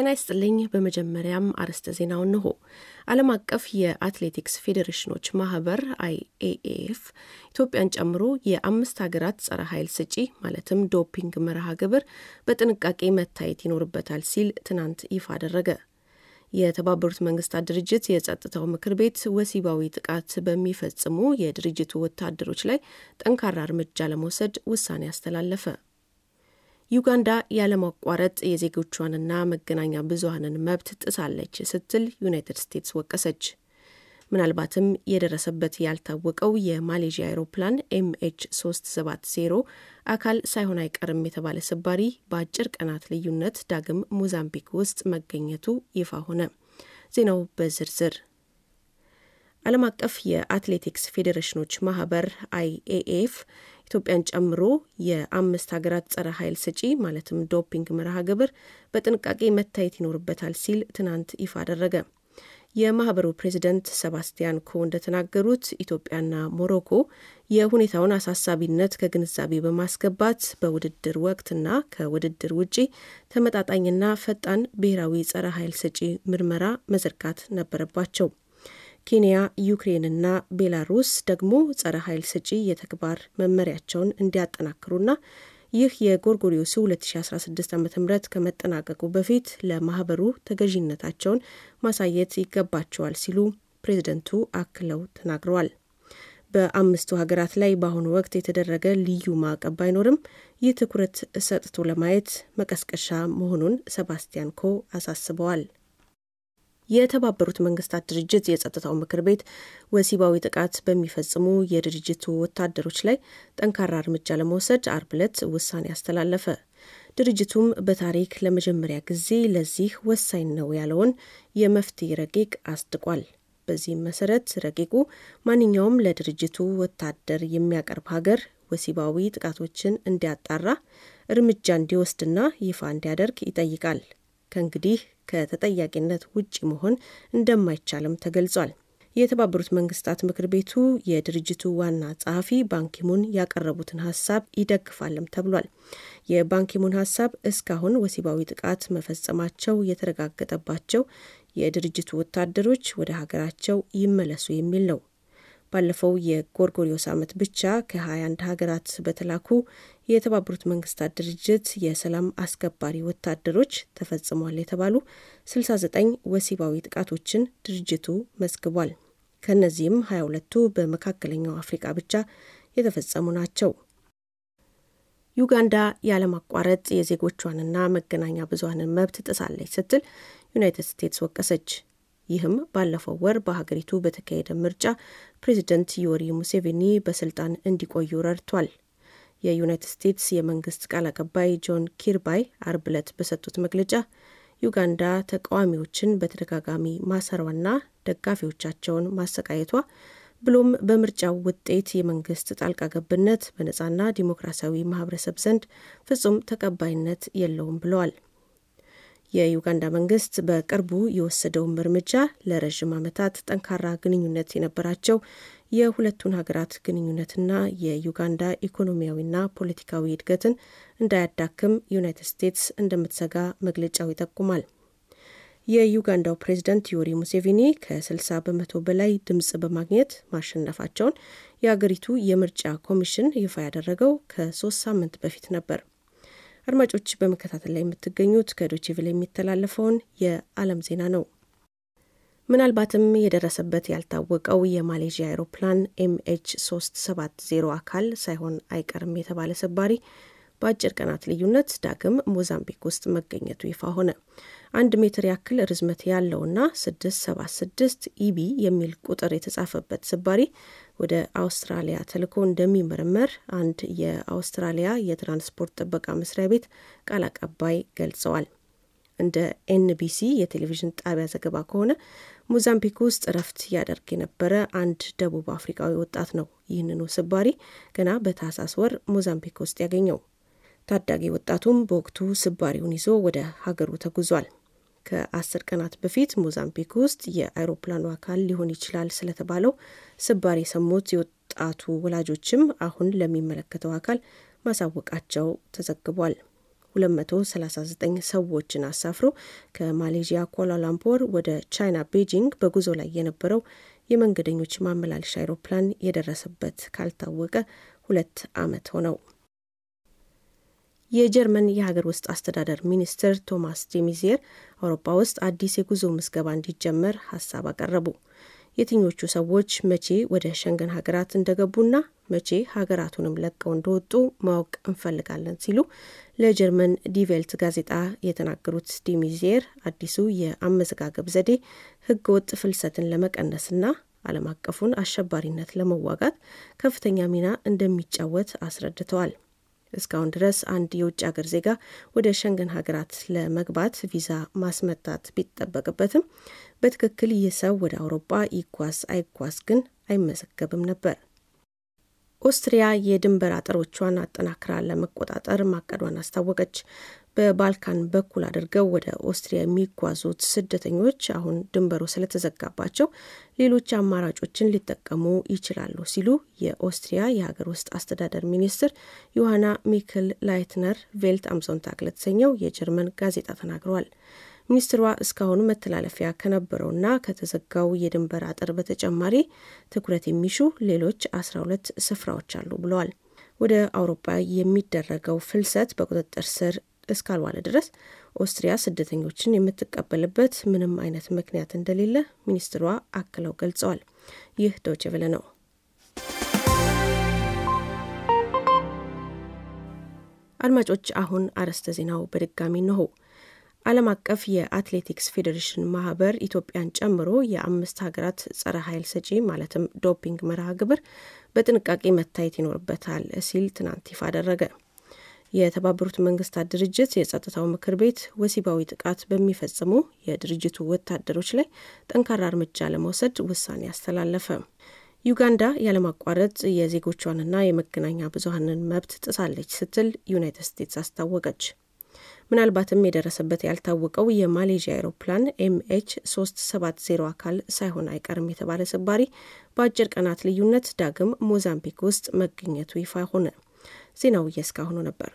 ጤና ይስጥልኝ። በመጀመሪያም አርዕስተ ዜናው እንሆ። ዓለም አቀፍ የአትሌቲክስ ፌዴሬሽኖች ማህበር አይኤኤፍ ኢትዮጵያን ጨምሮ የአምስት ሀገራት ጸረ ኃይል ስጪ ማለትም ዶፒንግ መርሃ ግብር በጥንቃቄ መታየት ይኖርበታል ሲል ትናንት ይፋ አደረገ። የተባበሩት መንግስታት ድርጅት የጸጥታው ምክር ቤት ወሲባዊ ጥቃት በሚፈጽሙ የድርጅቱ ወታደሮች ላይ ጠንካራ እርምጃ ለመውሰድ ውሳኔ አስተላለፈ። ዩጋንዳ ያለማቋረጥ የዜጎቿንና መገናኛ ብዙሀንን መብት ጥሳለች ስትል ዩናይትድ ስቴትስ ወቀሰች። ምናልባትም የደረሰበት ያልታወቀው የማሌዥያ አውሮፕላን ኤምኤች 370 አካል ሳይሆን አይቀርም የተባለ ስባሪ በአጭር ቀናት ልዩነት ዳግም ሞዛምቢክ ውስጥ መገኘቱ ይፋ ሆነ። ዜናው በዝርዝር ዓለም አቀፍ የአትሌቲክስ ፌዴሬሽኖች ማህበር አይኤኤፍ ኢትዮጵያን ጨምሮ የአምስት ሀገራት ጸረ ኃይል ሰጪ ማለትም ዶፒንግ መርሃ ግብር በጥንቃቄ መታየት ይኖርበታል ሲል ትናንት ይፋ አደረገ። የማህበሩ ፕሬዚደንት ሰባስቲያን ኮ እንደተናገሩት ኢትዮጵያና ሞሮኮ የሁኔታውን አሳሳቢነት ከግንዛቤ በማስገባት በውድድር ወቅትና ከውድድር ውጪ ተመጣጣኝና ፈጣን ብሔራዊ ጸረ ኃይል ሰጪ ምርመራ መዘርጋት ነበረባቸው። ኬንያ፣ ዩክሬንና ቤላሩስ ደግሞ ጸረ ኃይል ሰጪ የተግባር መመሪያቸውን እንዲያጠናክሩና ይህ የጎርጎሪዮሱ 2016 ዓ ም ከመጠናቀቁ በፊት ለማህበሩ ተገዥነታቸውን ማሳየት ይገባቸዋል ሲሉ ፕሬዝደንቱ አክለው ተናግረዋል። በአምስቱ ሀገራት ላይ በአሁኑ ወቅት የተደረገ ልዩ ማዕቀብ ባይኖርም ይህ ትኩረት ሰጥቶ ለማየት መቀስቀሻ መሆኑን ሰባስቲያን ኮ አሳስበዋል። የተባበሩት መንግስታት ድርጅት የጸጥታው ምክር ቤት ወሲባዊ ጥቃት በሚፈጽሙ የድርጅቱ ወታደሮች ላይ ጠንካራ እርምጃ ለመውሰድ አርብ ዕለት ውሳኔ አስተላለፈ። ድርጅቱም በታሪክ ለመጀመሪያ ጊዜ ለዚህ ወሳኝ ነው ያለውን የመፍትሄ ረቂቅ አስድቋል። በዚህም መሰረት ረቂቁ ማንኛውም ለድርጅቱ ወታደር የሚያቀርብ ሀገር ወሲባዊ ጥቃቶችን እንዲያጣራ እርምጃ እንዲወስድና ይፋ እንዲያደርግ ይጠይቃል። ከእንግዲህ ከተጠያቂነት ውጭ መሆን እንደማይቻልም ተገልጿል። የተባበሩት መንግስታት ምክር ቤቱ የድርጅቱ ዋና ጸሐፊ ባንኪሙን ያቀረቡትን ሀሳብ ይደግፋልም ተብሏል። የባንኪሙን ሀሳብ እስካሁን ወሲባዊ ጥቃት መፈጸማቸው የተረጋገጠባቸው የድርጅቱ ወታደሮች ወደ ሀገራቸው ይመለሱ የሚል ነው። ባለፈው የጎርጎሪዮስ ዓመት ብቻ ከ21 ሀገራት በተላኩ የተባበሩት መንግስታት ድርጅት የሰላም አስከባሪ ወታደሮች ተፈጽሟል የተባሉ 69 ወሲባዊ ጥቃቶችን ድርጅቱ መዝግቧል። ከእነዚህም 22ቱ በመካከለኛው አፍሪቃ ብቻ የተፈጸሙ ናቸው። ዩጋንዳ ያለማቋረጥ የዜጎቿንና መገናኛ ብዙሀንን መብት ጥሳለች ስትል ዩናይትድ ስቴትስ ወቀሰች። ይህም ባለፈው ወር በሀገሪቱ በተካሄደ ምርጫ ፕሬዚደንት ዮሪ ሙሴቬኒ በስልጣን እንዲቆዩ ረድቷል። የዩናይትድ ስቴትስ የመንግስት ቃል አቀባይ ጆን ኪርባይ አርብ ዕለት በሰጡት መግለጫ ዩጋንዳ ተቃዋሚዎችን በተደጋጋሚ ማሰሯና ደጋፊዎቻቸውን ማሰቃየቷ ብሎም በምርጫው ውጤት የመንግስት ጣልቃ ገብነት በነጻና ዲሞክራሲያዊ ማህበረሰብ ዘንድ ፍጹም ተቀባይነት የለውም ብለዋል። የዩጋንዳ መንግስት በቅርቡ የወሰደውም እርምጃ ለረዥም ዓመታት ጠንካራ ግንኙነት የነበራቸው የሁለቱን ሀገራት ግንኙነትና የዩጋንዳ ኢኮኖሚያዊና ፖለቲካዊ እድገትን እንዳያዳክም ዩናይትድ ስቴትስ እንደምትሰጋ መግለጫው ይጠቁማል። የዩጋንዳው ፕሬዝደንት ዮሪ ሙሴቪኒ ከ60 በመቶ በላይ ድምፅ በማግኘት ማሸነፋቸውን የአገሪቱ የምርጫ ኮሚሽን ይፋ ያደረገው ከሶስት ሳምንት በፊት ነበር። አድማጮች በመከታተል ላይ የምትገኙት ከዶችቪል የሚተላለፈውን የዓለም ዜና ነው። ምናልባትም የደረሰበት ያልታወቀው የማሌዥያ አይሮፕላን ኤምኤች 370 አካል ሳይሆን አይቀርም የተባለ ሰባሪ በአጭር ቀናት ልዩነት ዳግም ሞዛምቢክ ውስጥ መገኘቱ ይፋ ሆነ። አንድ ሜትር ያክል ርዝመት ያለውና 676 ኢቢ የሚል ቁጥር የተጻፈበት ስባሪ ወደ አውስትራሊያ ተልኮ እንደሚመረመር አንድ የአውስትራሊያ የትራንስፖርት ጥበቃ መስሪያ ቤት ቃል አቀባይ ገልጸዋል። እንደ ኤንቢሲ የቴሌቪዥን ጣቢያ ዘገባ ከሆነ ሞዛምቢክ ውስጥ እረፍት ያደርግ የነበረ አንድ ደቡብ አፍሪካዊ ወጣት ነው ይህንኑ ስባሪ ገና በታህሳስ ወር ሞዛምቢክ ውስጥ ያገኘው። ታዳጊ ወጣቱም በወቅቱ ስባሪውን ይዞ ወደ ሀገሩ ተጉዟል። ከአስር ቀናት በፊት ሞዛምቢክ ውስጥ የአይሮፕላኑ አካል ሊሆን ይችላል ስለተባለው ስባሪ የሰሙት የወጣቱ ወላጆችም አሁን ለሚመለከተው አካል ማሳወቃቸው ተዘግቧል። 239 ሰዎችን አሳፍሮ ከማሌዥያ ኳላላምፖር ወደ ቻይና ቤጂንግ በጉዞ ላይ የነበረው የመንገደኞች ማመላለሻ አይሮፕላን የደረሰበት ካልታወቀ ሁለት ዓመት ሆነው የጀርመን የሀገር ውስጥ አስተዳደር ሚኒስትር ቶማስ ዴሚዜር አውሮፓ ውስጥ አዲስ የጉዞ ምዝገባ እንዲጀመር ሀሳብ አቀረቡ። የትኞቹ ሰዎች መቼ ወደ ሸንገን ሀገራት እንደገቡና መቼ ሀገራቱንም ለቀው እንደወጡ ማወቅ እንፈልጋለን ሲሉ ለጀርመን ዲቬልት ጋዜጣ የተናገሩት ዲሚዜር አዲሱ የአመዘጋገብ ዘዴ ወጥ ፍልሰትን ለመቀነስና ዓለም አቀፉን አሸባሪነት ለመዋጋት ከፍተኛ ሚና እንደሚጫወት አስረድተዋል። እስካሁን ድረስ አንድ የውጭ ሀገር ዜጋ ወደ ሸንገን ሀገራት ለመግባት ቪዛ ማስመጣት ቢጠበቅበትም በትክክል ይህ ሰው ወደ አውሮፓ ይጓዝ አይጓዝ ግን አይመዘገብም ነበር። ኦስትሪያ የድንበር አጥሮቿን አጠናክራ ለመቆጣጠር ማቀዷን አስታወቀች። በባልካን በኩል አድርገው ወደ ኦስትሪያ የሚጓዙት ስደተኞች አሁን ድንበሩ ስለተዘጋባቸው ሌሎች አማራጮችን ሊጠቀሙ ይችላሉ ሲሉ የኦስትሪያ የሀገር ውስጥ አስተዳደር ሚኒስትር ዮሐና ሚክል ላይትነር ቬልት አምሶንታክ ለተሰኘው የጀርመን ጋዜጣ ተናግረዋል። ሚኒስትሯ እስካሁን መተላለፊያ ከነበረውና ከተዘጋው የድንበር አጥር በተጨማሪ ትኩረት የሚሹ ሌሎች 12 ስፍራዎች አሉ ብለዋል። ወደ አውሮፓ የሚደረገው ፍልሰት በቁጥጥር ስር እስካልዋለ ድረስ ኦስትሪያ ስደተኞችን የምትቀበልበት ምንም አይነት ምክንያት እንደሌለ ሚኒስትሯ አክለው ገልጸዋል። ይህ ዶይቼ ቬለ ነው። አድማጮች፣ አሁን አርዕስተ ዜናው በድጋሚ ነሆ። ዓለም አቀፍ የአትሌቲክስ ፌዴሬሽን ማህበር ኢትዮጵያን ጨምሮ የአምስት ሀገራት ጸረ ኃይል ሰጪ ማለትም ዶፒንግ መርሃ ግብር በጥንቃቄ መታየት ይኖርበታል ሲል ትናንት ይፋ አደረገ። የተባበሩት መንግስታት ድርጅት የጸጥታው ምክር ቤት ወሲባዊ ጥቃት በሚፈጽሙ የድርጅቱ ወታደሮች ላይ ጠንካራ እርምጃ ለመውሰድ ውሳኔ አስተላለፈ። ዩጋንዳ ያለማቋረጥ የዜጎቿንና የመገናኛ ብዙሀንን መብት ጥሳለች ስትል ዩናይትድ ስቴትስ አስታወቀች። ምናልባትም የደረሰበት ያልታወቀው የማሌዥያ አይሮፕላን ኤምኤች 370 አካል ሳይሆን አይቀርም የተባለ ስባሪ በአጭር ቀናት ልዩነት ዳግም ሞዛምቢክ ውስጥ መገኘቱ ይፋ ሆነ። ዜናው የእስካሁኑ ነበር።